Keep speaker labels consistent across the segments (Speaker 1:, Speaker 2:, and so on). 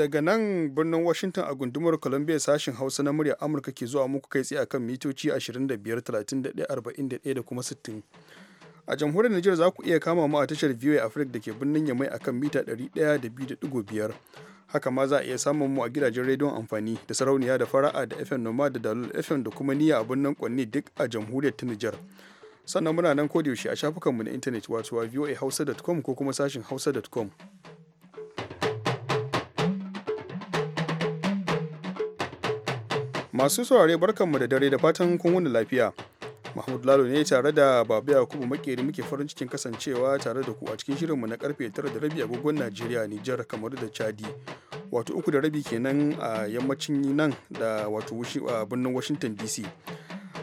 Speaker 1: daga nan birnin Washington a gundumar Columbia sashen Hausa na murya Amurka ke zuwa muku kai tsaye akan mitoci 25, 31, 41 da kuma 60. A jamhuriyar Nijar za ku iya kama mu a tashar VOA Africa da ke birnin Yamai akan mita 102.5. Haka ma za a iya samun mu a gidajen rediyon amfani da sarauniya da fara'a da FM Noma da Dalol FM da kuma niyya a birnin Kwanni duk a jamhuriyar ta Nijar. Sannan muna nan kodiyaushe a shafukanmu na intanet wato a voahausa.com ko kuma sashin hausa.com. Masu saurare barkanmu da dare da fatan kun wani lafiya. Mahmud Lalo ne tare da Babu Yakubu Makeri muke farin cikin kasancewa tare da ku a cikin shirinmu na karfe 9 da rabi agogon Najeriya, Nijar, kamar da Chadi. Wato uku da rabi kenan a yammacin nan da wato birnin Washington DC.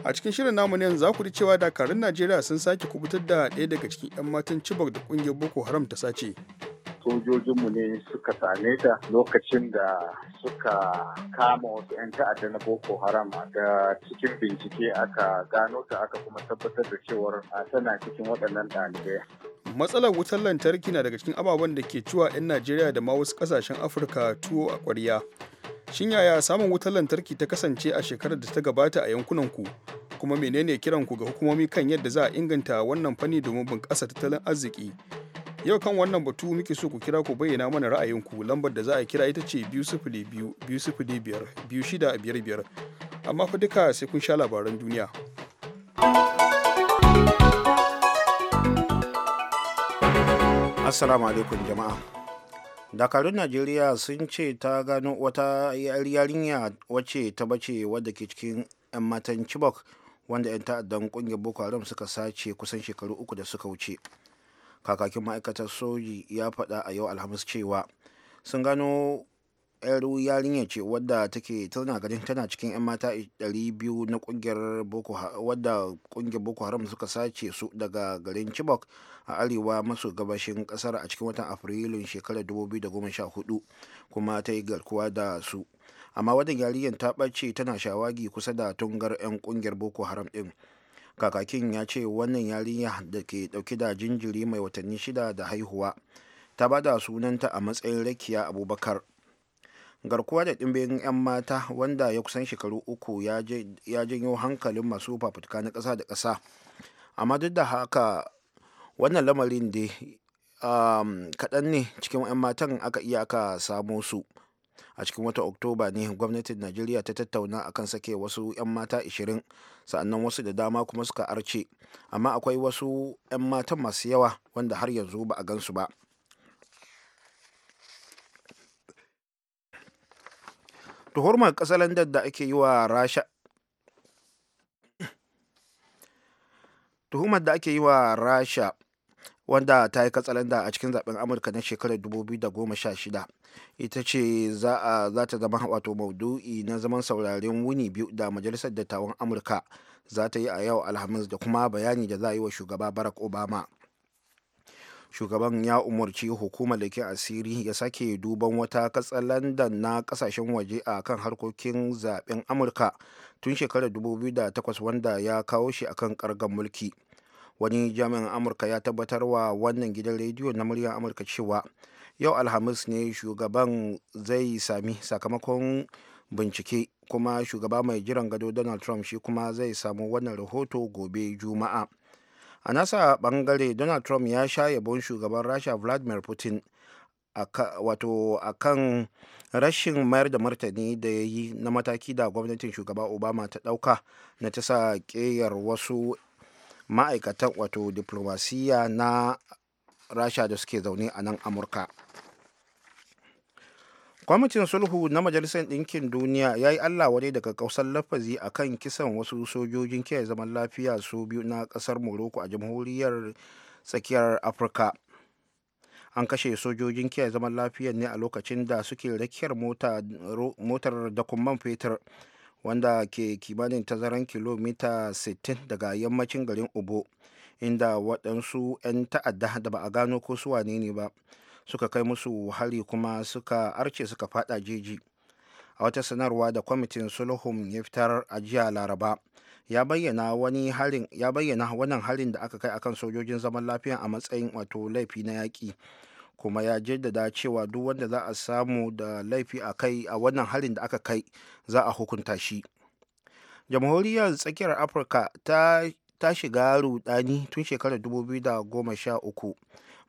Speaker 1: A cikin shirin namu ne za ku cewa dakarun Najeriya sun sake kubutar da ɗaya daga cikin 'yan matan Chibok da ƙungiyar Boko Haram ta sace.
Speaker 2: sojojinmu ne suka same ta lokacin da suka kama wasu 'yan ta'adda na Boko Haram da cikin bincike aka gano ta aka kuma tabbatar da cewar tana
Speaker 1: cikin waɗannan ɗalibai. Matsalar wutar lantarki na daga cikin ababen da ke ciwa 'yan Najeriya da ma wasu kasashen Afirka tuwo a ƙwarya. Shin yaya samun wutar lantarki ta kasance a shekarar da ta gabata a yankunan ku? Kuma menene kiran ku ga hukumomi kan yadda za a inganta wannan fanni domin bunƙasa tattalin arziki? Yau kan wannan batu muke so ku kira ku bayyana mana ra'ayinku lambar da za a kira ita ce biyu sifili biyu biyu sifili biyar shida biyar amma fa duka sai kun sha labaran duniya. Assalamu alaikum jama'a.
Speaker 3: dakarun najeriya sun ce ta gano wata yarinya wacce ta bace wadda ke cikin 'yan matan chibok wanda 'yan ta'addan kungiyar boko haram suka sace kusan shekaru uku da suka wuce kakakin ma'aikatar soji ya faɗa a yau alhamis cewa sun gano yar yarinya ce wadda take tana ganin tana cikin 'yan mata 200 na kungiyar boko wadda kungiyar boko haram suka sace su daga garin chibok a arewa maso gabashin kasar a cikin watan afrilun shekarar 2014 kuma ta yi garkuwa da su amma wadda yarinyar ta ɓace tana shawagi kusa da tungar 'yan kungiyar boko haram din kakakin ya ce wannan yarinya da ke dauke da jinjiri mai watanni shida da haihuwa ta ba da sunanta a matsayin rakiya abubakar garkuwa da ɗimbin 'yan mata wanda ya kusan shekaru uku ya janyo hankalin masu fafutuka na ƙasa da ƙasa amma duk da haka wannan lamarin da um, kaɗan ne cikin 'yan matan aka iya aka samo su a cikin wata oktoba ne gwamnatin najeriya ta tattauna akan sake wasu 'yan mata 20 sa'annan wasu da dama kuma suka arce amma akwai wasu 'yan matan masu yawa wanda har yanzu ba a gansu ba tuhurmar kasar da ake yi wa rasha tuhumar da ake yi wa rasha wanda ta yi katsalanda a cikin zaben amurka na shekarar 2016 ita ce za ta zama wato maudu'i na zaman sauraren wuni biyu da majalisar dattawan amurka za ta yi a yau alhamis da kuma bayani da za a yi wa shugaba barack obama shugaban ya umarci hukumar da ke asiri ya sake duban wata katsalandan na kasashen waje a kan harkokin zaben amurka tun shekarar 2008 wanda ya kawo shi akan kargan mulki wani jami'in amurka ya tabbatar wa wannan gidan rediyo na muryar amurka cewa yau alhamis ne shugaban zai sami sakamakon bincike kuma shugaba mai jiran gado donald trump shi kuma zai samu wannan rahoto gobe juma'a a nasa bangare donald trump ya sha yabon shugaban rasha vladimir putin wato a kan rashin mayar da martani da ya yi na mataki da gwamnatin shugaba obama ta dauka na ta sa keyar wasu ma'aikatan wato diplomasiya na rasha da suke zaune a nan amurka kwamitin sulhu na majalisar ɗinkin duniya ya yi allah wadai daga kausar lafazi a kan kisan wasu sojojin kiyaye zaman lafiya su biyu na ƙasar morocco a jamhuriyar tsakiyar afirka an kashe sojojin kiyaye zaman lafiya ne a lokacin da suke rakiyar motar da man fetur wanda ke kimanin tazaran kilomita 60 daga yammacin garin obo inda waɗansu 'yan ta'adda da ba a gano ko su wane ne ba suka kai musu hari kuma suka arce suka fada jeji a wata sanarwa da kwamitin sulhun ya fitar a jiya laraba ya bayyana ya bayyana wannan harin da aka kai akan sojojin zaman lafiya a matsayin wato laifi na yaƙi kuma ya jaddada cewa duk wanda za a samu da laifi a kai a wannan halin da aka kai za a hukunta shi jamhuriyar tsakiyar afirka ta, ta shiga rudani tun shekarar 2013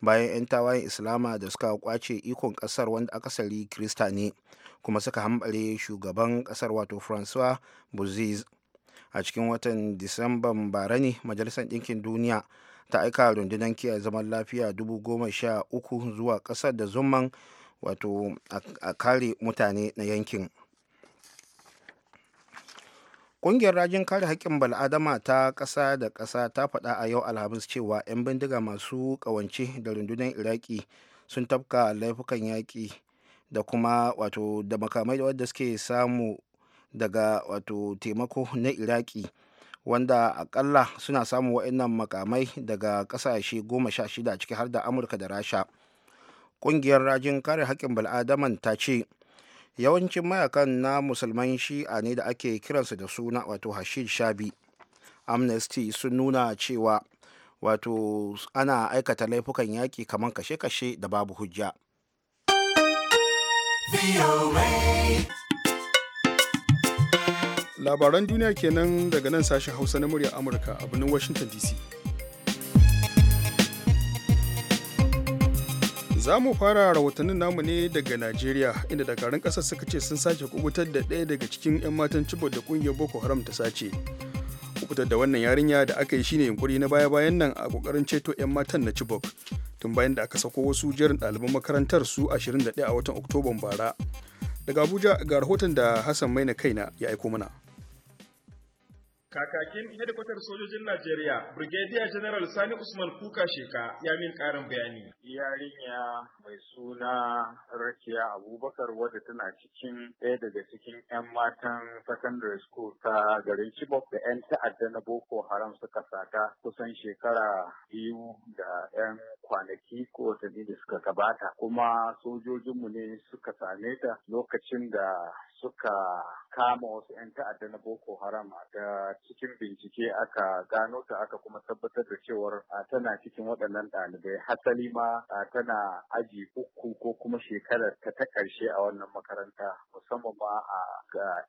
Speaker 3: bayan 'yan tawayen islama da suka kwace ikon kasar wanda akasari krista ne kuma suka hambare shugaban kasar wato francois bouzis a cikin watan disamban bara ne majalisar ɗinkin duniya ta aika rundunar kiyaye zaman lafiya dubu goma sha uku zuwa ƙasa da zumman wato a kare mutane na yankin ƙungiyar rajin kare haƙƙin bal'adama ta ƙasa da ƙasa ta faɗa a yau alhamis cewa 'yan bindiga masu ƙawance da rundunar iraki sun tafka laifukan yaƙi da kuma wato da makamai wadda suke samu daga wato taimako na iraki wanda akalla suna samun wa'annan makamai daga kasashe goma sha shida ciki har da amurka da rasha kungiyar rajin kare haƙƙin bal'adaman ta ce yawancin mayakan na musulman shi'a ne da ake kiransu da suna wato hashid shabi amnesty sun nuna cewa wato ana aikata laifukan yaƙi kamar kashe-kashe da babu hujja.
Speaker 1: labaran duniya kenan daga nan sashen hausa na muryar amurka a birnin washington dc za mu fara rahotannin namu ne daga najeriya inda dakarun kasar suka ce sun sake kubutar da ɗaya daga cikin 'yan matan cibar da ƙungiyar boko haram ta sace kubutar da wannan yarinya da aka yi shine yunkuri na baya-bayan nan a kokarin ceto 'yan matan na chibok tun bayan da aka sako wasu jerin ɗaliban makarantar su 21 a watan oktoban bara daga abuja ga rahoton da hassan mai maina kaina ya aiko mana
Speaker 2: Kakakin hedikwatar sojojin Najeriya, Brigadier General Sani Usman
Speaker 1: Kuka Sheka ya min
Speaker 2: karin bayani. Yarinya mai suna Rakiya Abubakar wadda tana cikin ɗaya daga cikin 'yan matan secondary school ta garin Chibok da 'yan ta'adda na Boko Haram suka sata kusan shekara biyu da 'yan kwanaki ko watanni da suka gabata. Kuma sojojinmu ne suka same ta lokacin da suka kama wasu 'yan ta'adda na Boko Haram da cikin bincike aka gano ta aka kuma tabbatar da cewar tana cikin waɗannan ɗalibai hasali ma tana aji uku ko kuma shekarar ta ta ƙarshe a wannan makaranta musamman ma a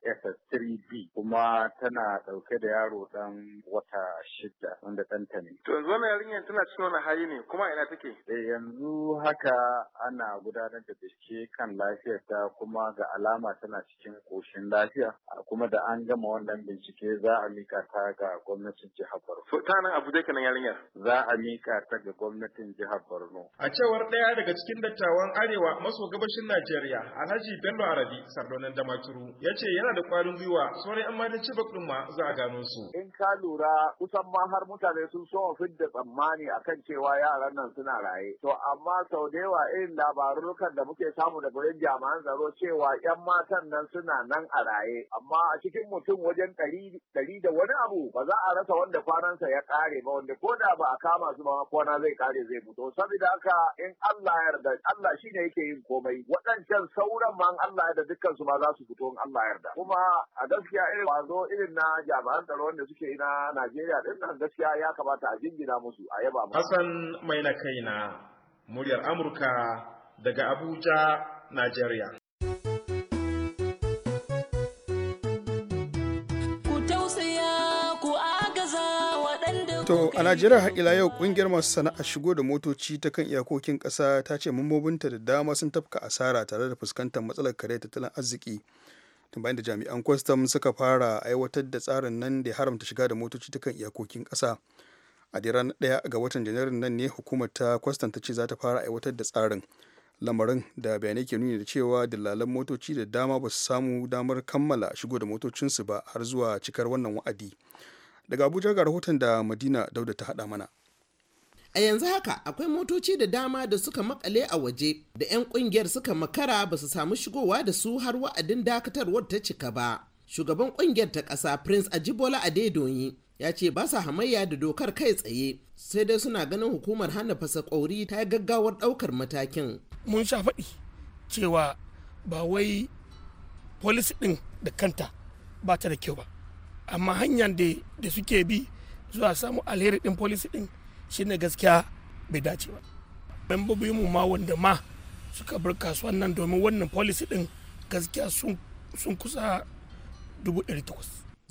Speaker 2: SS3B kuma tana ɗauke da yaro ɗan wata shida wanda ɗanta ne. To yanzu wannan yarinyar tana cikin wani hali ne kuma ina take? Eh, yanzu haka ana gudanar da bincike kan lafiyarta kuma ga alama tana cikin cikin koshin lafiya kuma da an gama wannan bincike za a mika ta ga gwamnatin jihar Borno. nan abu dai kanan yarinyar. Za a mika ta ga gwamnatin jihar Borno.
Speaker 1: A cewar ɗaya daga cikin dattawan Arewa maso gabashin Najeriya Alhaji Bello Arabi Sardonan Damaturu ya ce yana da ƙwarin gwiwa sauran 'yan matan
Speaker 2: ci ɗin ma za a gano su. In ka lura kusan ma har mutane sun so fidda tsammani akan cewa yaran nan suna raye. To amma sau da yawa irin labarurukan da muke samu daga wurin jami'an tsaro cewa 'yan matan nan suna nan a raye amma a cikin mutum wajen ɗari da wani abu ba za a rasa wanda kwanansa ya kare ba wanda ko da ba a kama su ba kwana zai kare zai fito saboda haka in Allah ya yarda Allah shine yake yin komai waɗancan sauran ma Allah ya yarda dukkan su ma za su fito in Allah ya yarda kuma a gaskiya irin wazo irin na jami'an tsaro wanda suke na Najeriya din nan gaskiya ya kamata a jingina musu a yaba musu Hassan mai na kaina muryar Amurka daga Abuja
Speaker 1: Najeriya To a Najeriya har ila yau kungiyar masu sana'a shigo da motoci ta kan iyakokin ƙasa ta ce mambobinta da dama sun tafka asara tare da fuskantar matsalar kare tattalin arziki. Tun bayan da jami'an kwastam suka fara aiwatar da tsarin nan da haramta shiga da motoci ta kan iyakokin kasa A da ranar ɗaya ga watan Janairun nan ne hukumar ta kwastam ta ce za ta fara aiwatar da tsarin. Lamarin da bayanai ke nuni da cewa dillalan motoci da dama ba su samu damar kammala shigo da motocinsu ba har zuwa cikar wannan wa'adi. daga abuja ga rahoton da madina dauda ta haɗa mana
Speaker 4: a yanzu haka akwai motoci da dama da suka makale a waje da 'yan kungiyar suka makara ba su samu shigowa da su har wa'adin dakatarwar ta cika ba shugaban kungiyar ta ƙasa prince ajibola adedoyi ya ce ba sa hamayya da dokar kai tsaye sai dai suna ganin hukumar hana fasa kwauri ta yi gaggawar ɗaukar matakin mun sha faɗi cewa ba wai policy ɗin da kanta ba ta da kyau ba
Speaker 1: amma hanyar da suke bi zuwa samu alheri din policy din shine gaskiya bai dace ba membobin mu ma wanda ma suka bar kasuwan nan domin
Speaker 4: wannan policy din gaskiya sun kusa dubu ɗari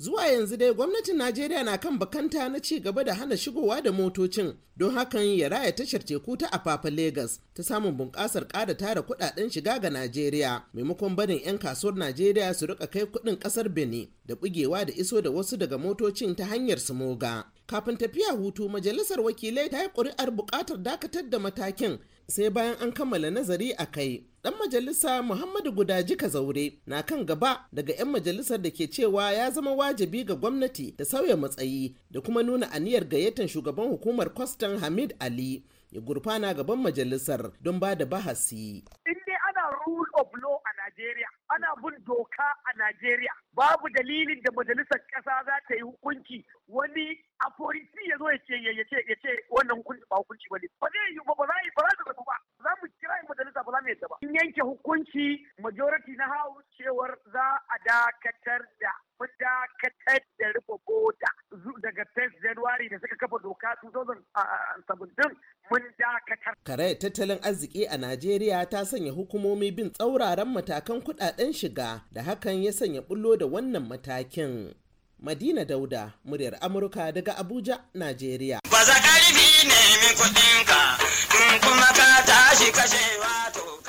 Speaker 4: zuwa yanzu dai gwamnatin najeriya na kan bakanta na ci gaba da hana shigowa da motocin don hakan ya raya tashar teku ta afafa lagos ta samun bunƙasar ƙara tara kuɗaɗen shiga ga najeriya maimakon barin 'yan kasuwar najeriya su rika kai kuɗin ƙasar benin da bugewa da iso da wasu daga motocin ta hanyar smoga kafin tafiya hutu majalisar wakilai ta yi ƙuri'ar buƙatar dakatar da matakin sai bayan an kammala nazari a kai dan majalisa muhammadu gudaji zaure na kan gaba daga 'yan majalisar da ke cewa ya zama wajibi ga gwamnati da sauya matsayi da kuma nuna aniyar gayyatar shugaban hukumar kwastan hamid ali ya gurfana gaban majalisar don ba da bahasi
Speaker 2: ana rule of law a Najeriya, ana bin doka a Najeriya. Babu dalilin da majalisar ƙasa za ta yi hukunci wani a polisi ya zo ya ce ya ce ya ce wannan hukunci ba hukunci bane ba zai yi ba za yi ba za ba za mu kira yin majalisa ba za mu yadda ba in yanke hukunci majority na hau cewar za a dakatar da mu dakatar da rufe boda daga 1 January da suka kafa doka 2017 mun
Speaker 4: dakatar. Kare tattalin arziki a Najeriya ta sanya hukumomi bin tsauraran matakan kudaden shiga da hakan ya sanya bullo da wannan matakin. Madina Dauda, muryar Amurka daga Abuja, Najeriya. ƙarfi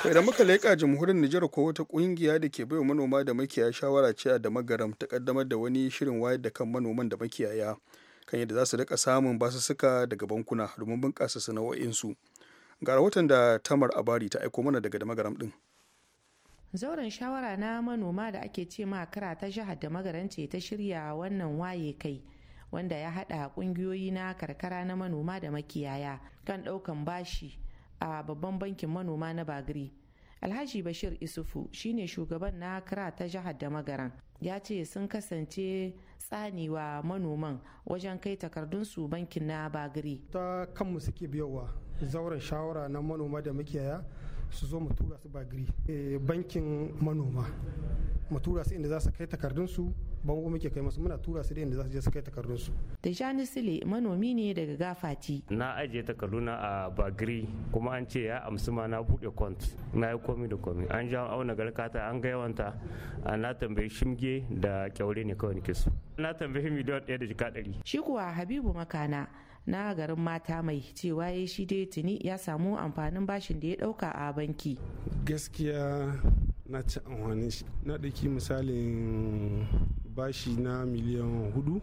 Speaker 4: Kai da muka leƙa jamhuriyar
Speaker 1: Nijar ko wata ƙungiya da ke baiwa manoma da makiyaya shawara ce a magaram ta ƙaddamar da wani shirin wayar da kan manoman da makiyaya kan yadda za su rika samun basussuka daga bankuna domin bunƙasa sana'o'insu. Ga watan da Tamar Abari ta aiko mana daga Damagaram ɗin.
Speaker 5: zauren shawara na manoma da ake ce ma kara ta jihar da magarance ta shirya wannan waye kai wanda ya hada kungiyoyi na karkara na manoma da makiyaya kan daukan bashi a babban bankin manoma na bagri alhaji bashir isufu shine shugaban na kara ta jihar da magaran ya ce sun kasance tsanewa manoman wajen kai takardunsu bankin na bagri ta kanmu suke biyowa
Speaker 1: zauren shawara na manoma da makiyaya su zo mu tura su bagiri eh, bankin manoma mu tura su inda za su kai takardunsu bango muke kai masu muna
Speaker 5: tura su da inda za su je su kai takardunsu. Da Sile manomi ne daga Gafati.
Speaker 2: Na ajiye takarduna a Bagri kuma an ce ya amsu ma na buɗe kont na yi komi da komi an ja auna garkata an ga yawanta a na tambayi shimge da kyaure ne kawai nake so. Na tambayi miliyan ɗaya da jika ɗari.
Speaker 5: Shi kuwa Habibu Makana na garin mata mai cewa ya shi dai tuni ya samu amfanin bashin da ya dauka a banki gaskiya
Speaker 3: na ci amfani shi na daki misalin bashi na miliyan hudu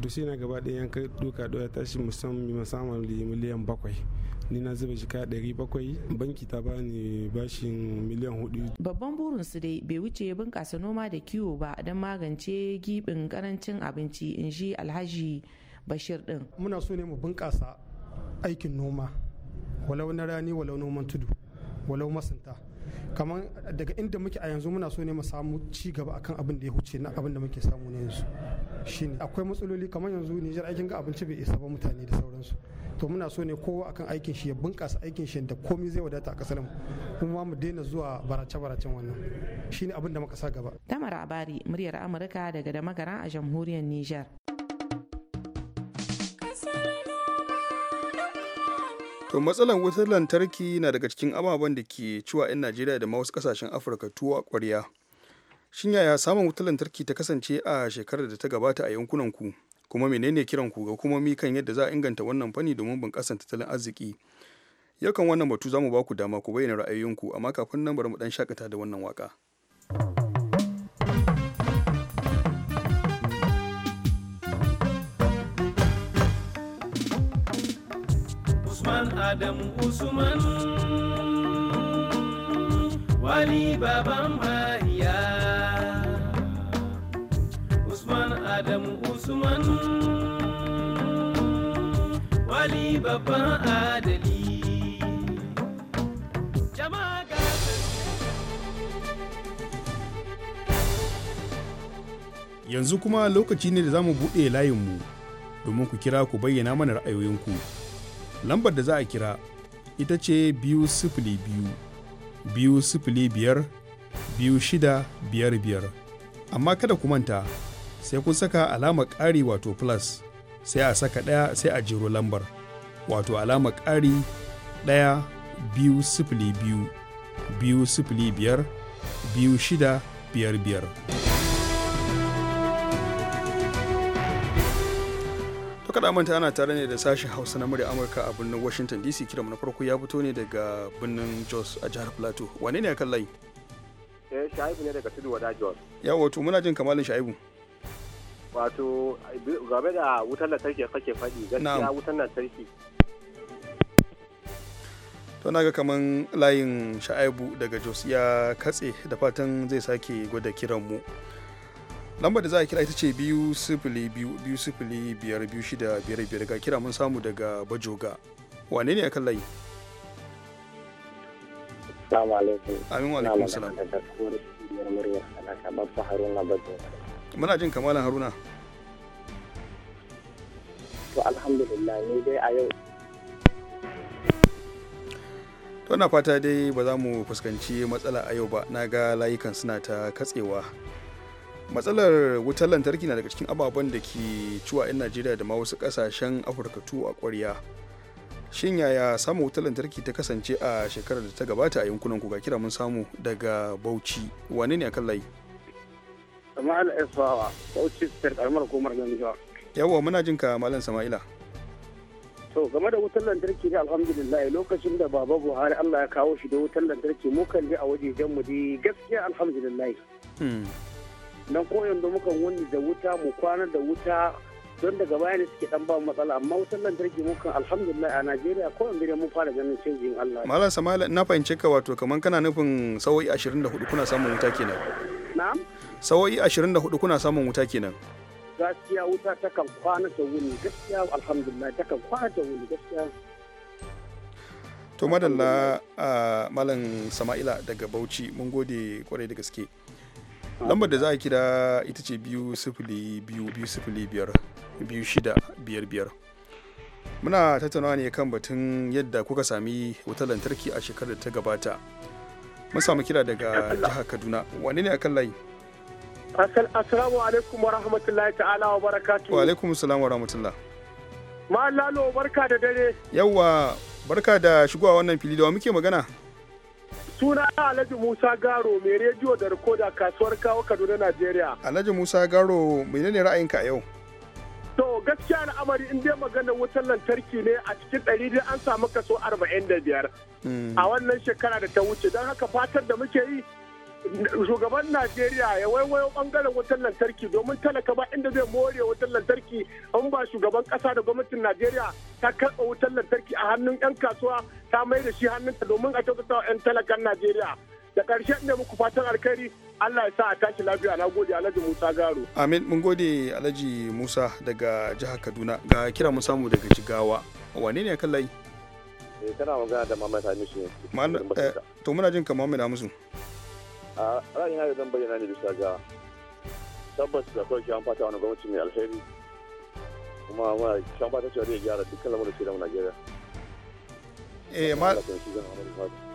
Speaker 3: da sai na gaba ɗaya yanka doka doya tashi musamman musamman miliyan bakwai ni na zuba kaya ɗari bakwai banki ta bani bashin
Speaker 5: miliyan hudu. babban burin su dai bai wuce bunƙasa noma da kiwo ba don magance gibin karancin abinci in alhaji bashir din muna so ne mu bunƙasa aikin noma walau na rani walau noman tudu walau masunta
Speaker 1: kamar daga inda muke a yanzu muna so ne mu samu ci gaba akan abin da ya huce na abin da muke samu ne yanzu shine akwai matsaloli kamar yanzu Nijar aikin ga abinci bai isa ba mutane da sauransu to muna so ne kowa akan aikin shi ya bunkasa aikin shi da komai zai wadata a kasar mu kuma mu daina zuwa barace baracen wannan shine abin da muka sa gaba
Speaker 5: Tamara Abari muryar Amurka daga da magara a jamhuriyar Nijar
Speaker 1: to matsalar wutar lantarki na daga cikin ababen da ke ciwa 'yan najeriya da wasu kasashen afirka tuwa kwarya shin yaya samun wutar lantarki ta kasance a shekarar da ta gabata a yankunan ku kuma menene kiran ku ga kuma kan yadda za a inganta wannan fanni domin bunƙasar tattalin arziki yakan wannan batu za mu ba ku dama ku bayyana ra'ayoyinku amma kafin nan bari mu dan shakata da wannan waka
Speaker 4: Adam Usman Wali Baban Mahiya Usman Adam Usman Wali Baban Adali
Speaker 1: Yanzu kuma lokaci ne da za mu buɗe layinmu domin ku kira ku bayyana mana ra'ayoyinku. lambar da za a kira ita ce biyu sifili biyu biyu sifili biyar biyu shida biyar biyar amma kada ku manta sai kun saka alamar ƙari wato plus sai a saka ɗaya sai a jiro lambar wato alamar ƙari ɗaya biyu sifili biyu biyu sifili biyar biyu shida biyar biyar. to kada manta ana tare ne da sashen hausa na murya amurka a birnin washington dc kiran na farko ya fito ne daga birnin jos a jihar plateau wane ne akan layi eh shaibu ne daga tudu wada jos ya wato muna jin kamalin shaibu
Speaker 2: wato game da wutar lantarki kake faɗi gaskiya wutar lantarki
Speaker 1: to na ga kaman layin sha'aibu daga jos ya katse da fatan zai sake gwada kiran mu lambar da za a kira ita ce biyu sifili biyu sifili biyar biyu shida biyar biyar ga kira mun samu daga bajoga wane ne a kan layi
Speaker 6: Assalamu alaikum. Amin wa alaikum salam.
Speaker 1: Muna jin kamalan Haruna.
Speaker 6: To alhamdulillah ne dai a yau
Speaker 1: To na fata dai ba za mu fuskanci matsala a yau ba na ga layukan suna ta katsewa matsalar wutar lantarki na daga cikin ababen da ke ciwa 'yan najeriya da ma wasu kasashen afirka tu a kwarya shin yaya samun wutar lantarki ta kasance a shekarar da ta gabata a yankunan ku ga kira mun samu daga bauchi wane ne a kan layi yawa muna jin ka malam sama'ila
Speaker 2: to game da wutar lantarki ne alhamdulillah lokacin da baba buhari allah ya kawo shi da wutar lantarki mu kan a waje jan mu dai gaskiya alhamdulillah hmm. na ko yanzu muka wani da wuta mu kwana da wuta don daga baya ne suke dan ba matsala amma wutar lantarki muka alhamdulillah a Najeriya ko yanzu dai mun fara ganin canjin Allah
Speaker 1: Malam Samala na fahimce ka wato kaman kana nufin sawoyi 24 kuna samun wuta kenan Na'am sawoyi 24 kuna samun wuta kenan
Speaker 2: gaskiya wuta takan kwana ta wuni gaskiya alhamdulillah takan kwana ta wuni gaskiya
Speaker 1: to madalla malam sama'ila daga bauchi mun gode kwarai da gaske lambar da za a kira ita ce biyu sifili biyu biyu sifili biyar biyu shida biyar biyar muna tattaunawa ne kan batun yadda kuka sami wutar lantarki a shekarar ta gabata mun samu kira daga jihar kaduna wani ne a kan layi
Speaker 2: assalamu alaikum wa rahmatullahi ta'ala wa barakatu wa
Speaker 1: alaikum salam wa rahmatullah
Speaker 2: ma'an lalo barka da dare
Speaker 1: yawa barka da shigowa wannan fili da wa muke magana suna alhaji musa garo mai rediyo da rikoda kasuwar kawo kaduna najeriya alhaji musa garo menene ra'ayinka a yau
Speaker 2: to gaskiya amari in dai magana wutar lantarki ne a cikin ɗari dai an samu kaso arba'in da biyar hmm. a wannan shekara da ta wuce don haka fatar da muke yi shugaban Najeriya ya waiwayo bangaren wutar lantarki domin talaka ba inda zai more wutar lantarki an ba shugaban kasa da gwamnatin Najeriya ta karɓa wutar lantarki a hannun 'yan kasuwa ta mai da shi hannunta domin a kyautata wa 'yan talakan Najeriya. Da ƙarshe ne muku fatan alkhairi Allah ya sa a tashi lafiya na gode Alhaji Musa Garo.
Speaker 1: Amin mun gode Alhaji Musa daga jihar Kaduna ga kira mun samu daga Jigawa. Wane ne kan layi? Eh, kana magana da Muhammad Hamisu. Eh, to muna jin ka Muhammad Hamisu.
Speaker 2: a ra'ayina zan bayyana ne bisa ga tabbas da kawai an fata wani gwamnati mai alheri kuma muna fata cewa zai gyara dukkan da Najeriya.
Speaker 1: Eh,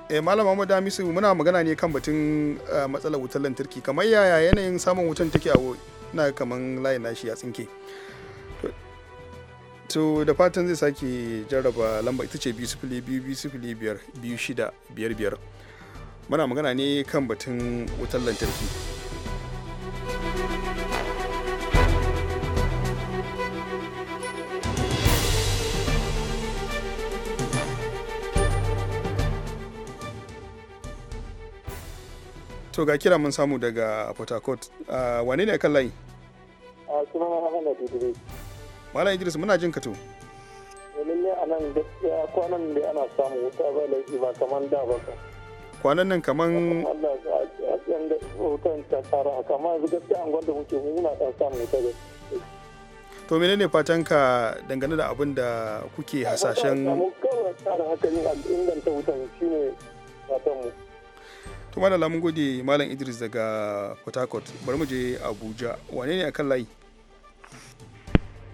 Speaker 1: eh Hamisu muna magana ne kan batun eh, matsalar wutar lantarki kamar yaya yanayin samun wutan take a na kamar layin nashi ya tsinke to da fatan zai sake jarraba lamba ita ce 2 0 2 0 5 biyu 6 5 5 muna magana ne kan batun wutar lantarki to ga kira mun samu daga port harcourt ah, wane ne kan layi
Speaker 2: ah, a
Speaker 1: Malam Idris muna jin ka to. Eh,
Speaker 2: lalle a nan gaskiya kwanan da ana samu wuta ba laifi ba kamar da ba ka.
Speaker 1: kwanan nan kaman to menene fatan ka dangane da abin da kuke hasashen to madalla mun gode malam idris daga port harcourt bari mu je abuja wane ne akan layi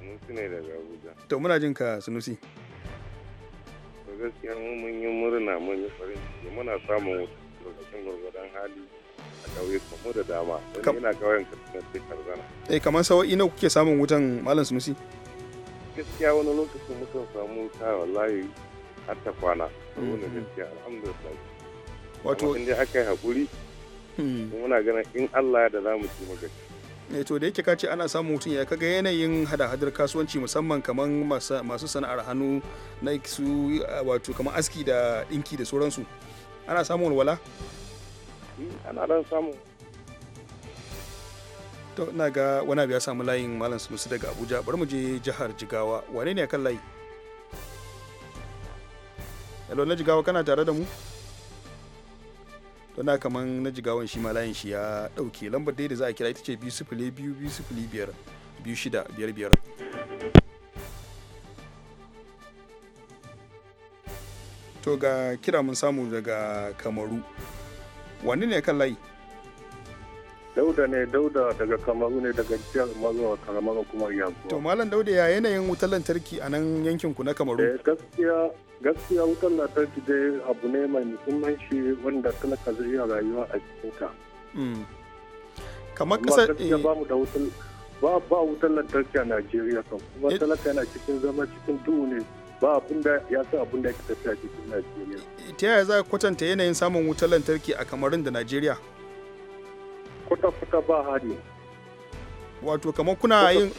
Speaker 6: sunusi ne daga abuja
Speaker 1: to muna jinka ka sunusi
Speaker 2: gaskiya mun yi murna mun yi farin ciki muna samun wasu lokacin gwargwadon
Speaker 1: hali a ƙauyukan mu da dama wani ina ƙauyen katsina ce karzana. eh kamar sawa'i nawa kuke samun wutan malam sunusi. gaskiya wani lokacin muka samu wuta wallahi har ta kwana. wani mm-hmm. gaskiya alhamdulillah. wato in dai aka yi haƙuri. Hmm.
Speaker 2: muna ganin in Allah ya da za mu ci magaci.
Speaker 1: Eh, to da yake ka ce ana samun mutum ya kaga yanayin hada-hadar kasuwanci musamman kamar masu sana'ar hannu na su wato kamar aski da dinki da sauransu ana samun walwala eh, ana dan samu to ina ga wani abu ya samu layin malam sunusu daga abuja bari mu je jihar jigawa wane ne akan layi hello na jigawa kana tare da mu dana kaman na jigawan shi ma layin shi ya dauke lambar daidai da za a kira ita ce 2 sifili 2 2 sifili biyar biyu shida biyar biyar to ga kira mun samu daga kamaru wani ne kan layi Dauda ne Dauda daga Kamaru ne daga jihar Mazuwa karamar hukumar yankuwa To Malam Dauda ya yanayin wutar lantarki a nan yankin ku na Kamaru? Eh, gaskiya
Speaker 2: gaskiya wutar lantarki dai abu ne mai muhimmanci wanda talaka zai iya rayuwa a cikinta.
Speaker 1: Hmm. Kamar kasar eh, ba mu
Speaker 2: da wutar ba ba
Speaker 1: wutar lantarki a Najeriya kan kuma eh, talaka yana cikin zama cikin duhu ne ba abin da ya sa abin da ya tafiya cikin Najeriya. Ta yaya za ka kwatanta yanayin samun wutar lantarki a Kamarun da Najeriya? kwata-kwata ba hari wato kamar kuna yin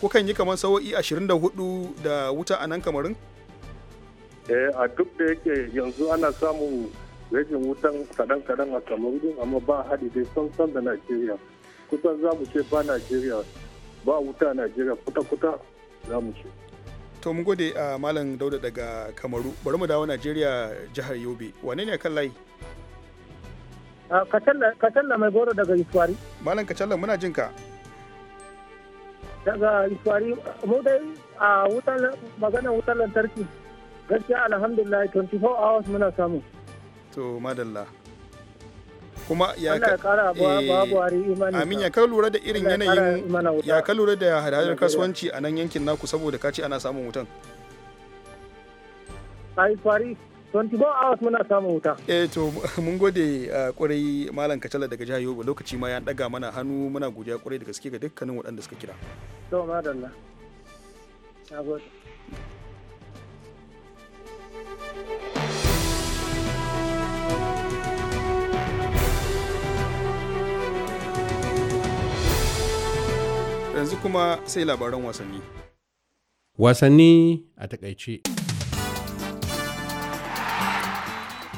Speaker 1: kukan yi kamar sawo'i 24 da wuta a nan kamarin
Speaker 6: eh a duk da yake yanzu ana samun rajin wutan kadan-kadan a kamarin amma ba hari dai san da najeriya kusan za mu ce ba najeriya
Speaker 2: ba wuta a najeriya kuta-kuta za mu ce
Speaker 1: to mun gode a ah, malam dauda daga kamaru bari mu dawo najeriya jihar yobe wane ne kan layi Ah, Kacalla mai goro daga Iswari. Malam Kacalla muna jin ka.
Speaker 2: Daga Iswari mu dai a wutan magana wutan lantarki
Speaker 1: gaskiya alhamdulillah 24 hours muna samu. To madalla. kuma ya ka eh, amin ya ka lura da irin yanayin ya ka lura da hadarar kasuwanci a nan yankin naku saboda ka ce ana samun wutan. a Iswari, 24 hours muna samun wuta. Eh to mun gode ah, kwarai Malam Kacala daga jihar Yobe lokaci ma ya daga mana hannu muna godiya kwarai da gaske ga dukkanin waɗanda suka kira.
Speaker 6: To madalla.
Speaker 1: Yanzu kuma sai labaran wasanni.
Speaker 2: Wasanni a
Speaker 1: takaice.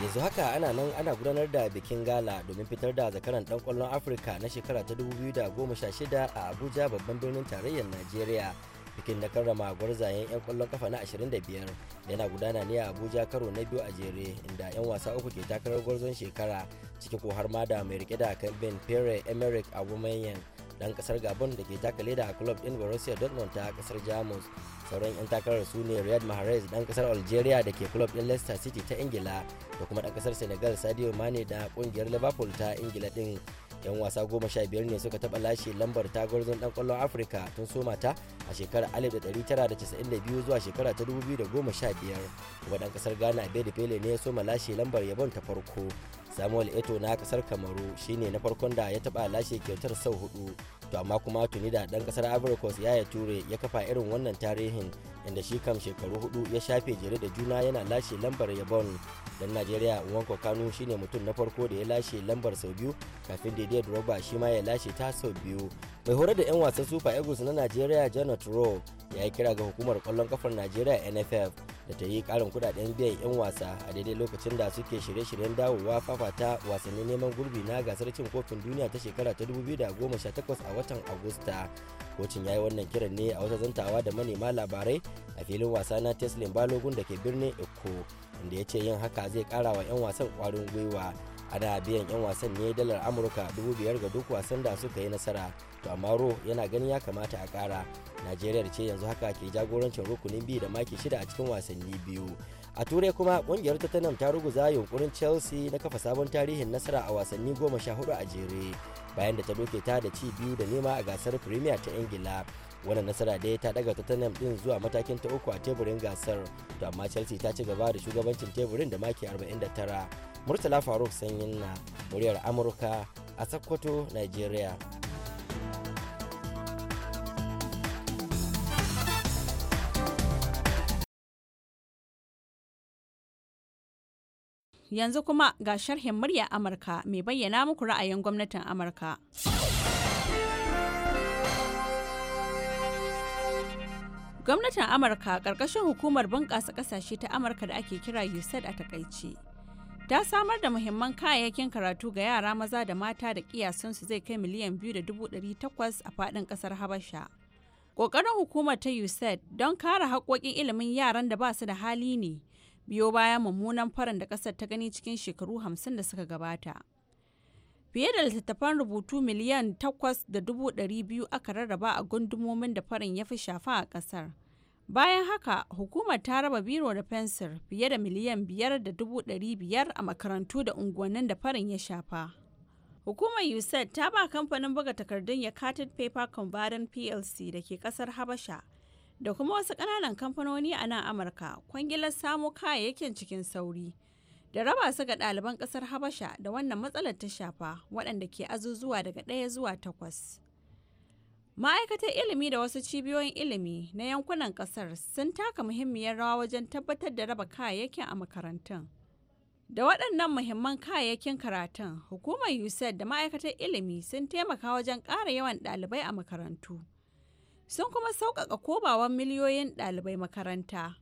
Speaker 6: yanzu haka ana nan ana gudanar da bikin gala domin fitar da zakaran dan kwallon afirka na shekara ta 2016 a abuja babban birnin tarayyar najeriya bikin na karrama gwarzayen 'yan kwallon kafa na 25 yana gudana ne a abuja karo na biyu a jere inda 'yan wasa uku ke takarar gwarzon shekara ciki ko har ma da mai rike da kan ben pere emerick aubameyang dan kasar gabon da ke taka leda a club din borussia dortmund ta kasar jamus sauran 'yan takarar su ne riyad mahrez dan kasar algeria da ke club din leicester city ta ingila da kuma dan kasar senegal sadio mane da kungiyar liverpool ta ingila din yan wasa goma sha biyar ne suka taba lashe lambar tagorzon dan kwallon afirka tun soma ta a shekarar 1992 zuwa shekara ta 2015 kuma dan kasar ghana abedi pele ne ya soma lashe lambar yabon ta farko samuel eto na kasar kamaru shine na farkon da ya taba lashe kyautar sau hudu to amma kuma tuni da dan kasar ivory coast yaya ture ya kafa irin wannan tarihin inda shi kam shekaru hudu ya shafe jere da juna yana lashe lambar yabon dan najeriya nwanko kanu shine mutum na farko da ya lashe lambar sau biyu kafin daidai drogba shi ma ya lashe ta sau biyu mai horar da 'yan wasan super eagles na najeriya janet rowe ya yi kira ga hukumar kwallon kafar najeriya nff da ta yi karin kudaden biyan 'yan wasa a daidai lokacin da suke shirye-shiryen dawowa fafa fafata wasannin neman gurbi na gasar cin kofin duniya ta shekara ta 2018 a watan agusta kocin ya yi wannan kiran ne a wata zantawa da manema labarai a filin wasa na teslin balogun da ke birnin eko inda ya ce yin haka zai kara wa 'yan wasan kwarin gwiwa da biyan 'yan wasan ne dalar amurka dubu biyar ga duk wasan da suka yi nasara to amma ro yana ganin ya kamata a kara najeriya ce yanzu haka ke jagorancin rukunin biyu da maki shida a cikin wasanni biyu a turai kuma kungiyar tottenham ta ruguza yunkurin chelsea na kafa sabon tarihin nasara a wasanni goma sha hudu a jere bayan da ta doke ta da ci biyu da nema a gasar premier ta ingila wannan nasara da ta daga tottenham din zuwa matakin ta uku a teburin gasar to amma chelsea ta ci gaba da shugabancin teburin da maki 49 murtala faruk sanyin na muryar amurka a sokoto nigeria
Speaker 7: yanzu kuma ga sharhin murya amurka mai bayyana muku ra'ayin gwamnatin amurka Gwamnatin Amurka ƙarƙashin hukumar bunƙasa ƙasashe ta Amurka da ake kira USAID a takaice. Ta samar da muhimman kayayyakin karatu ga yara maza da mata da su zai kai miliyan biyu da dubu ɗari takwas a faɗin ƙasar Habasha. Ƙoƙarin hukumar ta USAID don kare haƙoƙin ilimin yaran da ba su da hali ne biyo bayan mummunan farin da ƙasar ta gani cikin shekaru hamsin da suka gabata. Fiye da littattafan rubutu miliyan 8,200 aka rarraba a gundumomin da farin ya fi shafa a kasar. Bayan haka, hukumar ta raba biro da fensir fiye da miliyan 5,500 a makarantu da unguwannin da farin ya shafa. Hukumar USAID ta ba kamfanin buga takardun ya carted Paper Converting PLC da ke kasar Habasha da kuma wasu kananan kamfanoni a nan Amurka kwangilar samo kayayyakin cikin sauri. da raba su ga ɗaliban ƙasar Habasha da wannan matsalar ta shafa waɗanda ke azuzuwa daga ɗaya zuwa takwas. Ma'aikatar ilimi da wasu cibiyoyin ilimi na yankunan ƙasar sun taka muhimmiyar rawa wajen tabbatar da raba kayayyakin a makarantun. Da waɗannan muhimman kayayyakin karatun, hukumar USAID da ma'aikatar ilimi sun taimaka wajen ƙara yawan ɗalibai a makarantu. Sun kuma sauƙaƙa kobawan miliyoyin ɗalibai makaranta,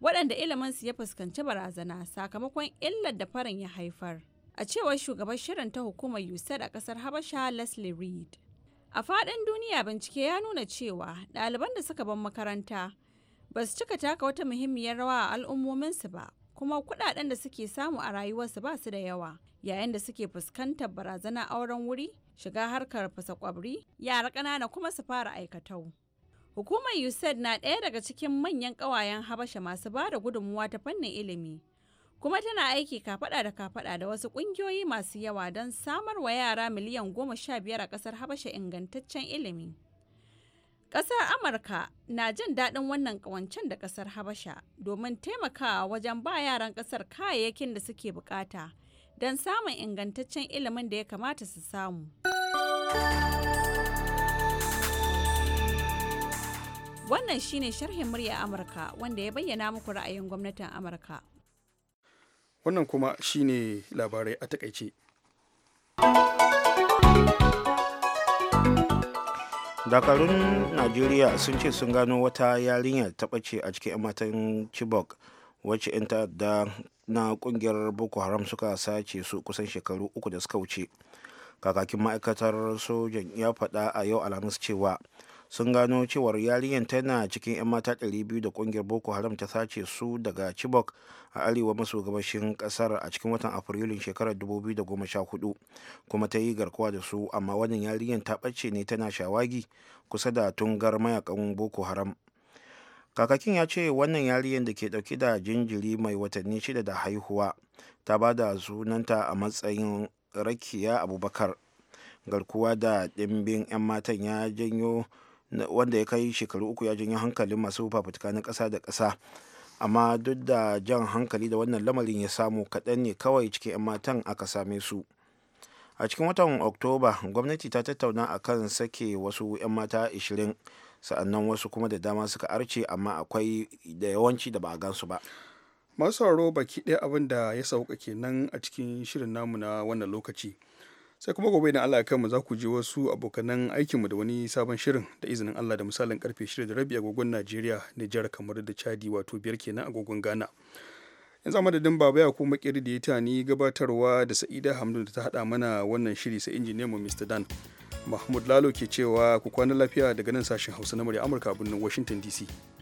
Speaker 7: waɗanda su ya fuskanci barazana sakamakon illar da farin ya haifar. A cewar shugaban shirin ta hukumar USAID a ƙasar Habasha Leslie Reed. A faɗin duniya bincike ya nuna cewa ɗaliban da suka bar makaranta ba su cika taka wata muhimmiyar rawa a al'ummominsu ba, kuma kuɗaɗen da suke samu a rayuwarsu ba su da yawa, yayin da suke fuskantar barazana auren wuri, shiga harkar fasa kwabri, yara ƙanana kuma su fara aikatau. Hukumar USAID na ɗaya daga cikin manyan ƙawayen Habasha masu ba da gudunmuwa ta fannin ilimi. Kuma tana aiki kafaɗa da kafaɗa da wasu ƙungiyoyi masu yawa don samar wa yara miliyan goma sha biyar a ƙasar Habasha ingantaccen ilimi. Ƙasar Amurka na jin daɗin wannan ƙawancen da ƙasar Habasha domin taimakawa wajen ba yaran ƙasar kayayyakin da suke buƙata don samun ingantaccen ilimin da ya kamata su samu. Wannan shine sharhin murya Amurka wanda ya bayyana muku ra'ayin gwamnatin Amurka.
Speaker 1: Wannan kuma shine labarai a takaice.
Speaker 3: Dakarun Najeriya sun ce sun gano wata yarinya ta bace a cikin 'yan matan Chibok wacce 'yan da na kungiyar Boko Haram suka sace su kusan shekaru uku da suka wuce. Kakakin ma'aikatar sojan ya faɗa a yau Alhamis cewa sun gano cewar yarinyar tana cikin 'yan mata 200 da kungiyar boko haram ta sace su daga chibok a arewa maso gabashin kasar a cikin watan afrilun shekarar 2014 kuma ta yi garkuwa da su amma wannan yarinyar ta ɓace ne tana shawagi kusa da tungar mayakan boko haram kakakin ya ce wannan yarinyar da ke dauke da jinjiri mai watanni shida da haihuwa ta ba da sunanta a matsayin rakiya abubakar garkuwa da dimbin 'yan matan ya janyo wanda ya kai shekaru uku ya janyo hankalin masu fafutuka na ƙasa da ƙasa amma duk da jan hankali da wannan lamarin ya samu kaɗan ne kawai cikin 'yan matan aka same su a cikin watan oktoba gwamnati ta tattauna a kan sake wasu 'yan mata 20
Speaker 1: sa'annan wasu kuma da dama suka arce amma akwai da yawanci da ba a gansu ba masu baki ɗaya abin da ya sauka kenan a cikin shirin namu na wannan lokaci sai kuma gobe idan Allah ya kai mu za ku je wasu abokanan aikinmu da wani sabon shirin da izinin Allah da misalin karfe 6 da rabi agogon Najeriya Nijar kamar da Chadi wato biyar kenan agogon Ghana yanzu madadin baba ya kuma kiri da ya ni gabatarwa da Sa'ida Hamdun da ta hada mana wannan shiri sai injiniyan mu Mr Dan Mahmud Lalo ke cewa ku kwana lafiya daga nan sashen Hausa na murya Amurka a birnin Washington DC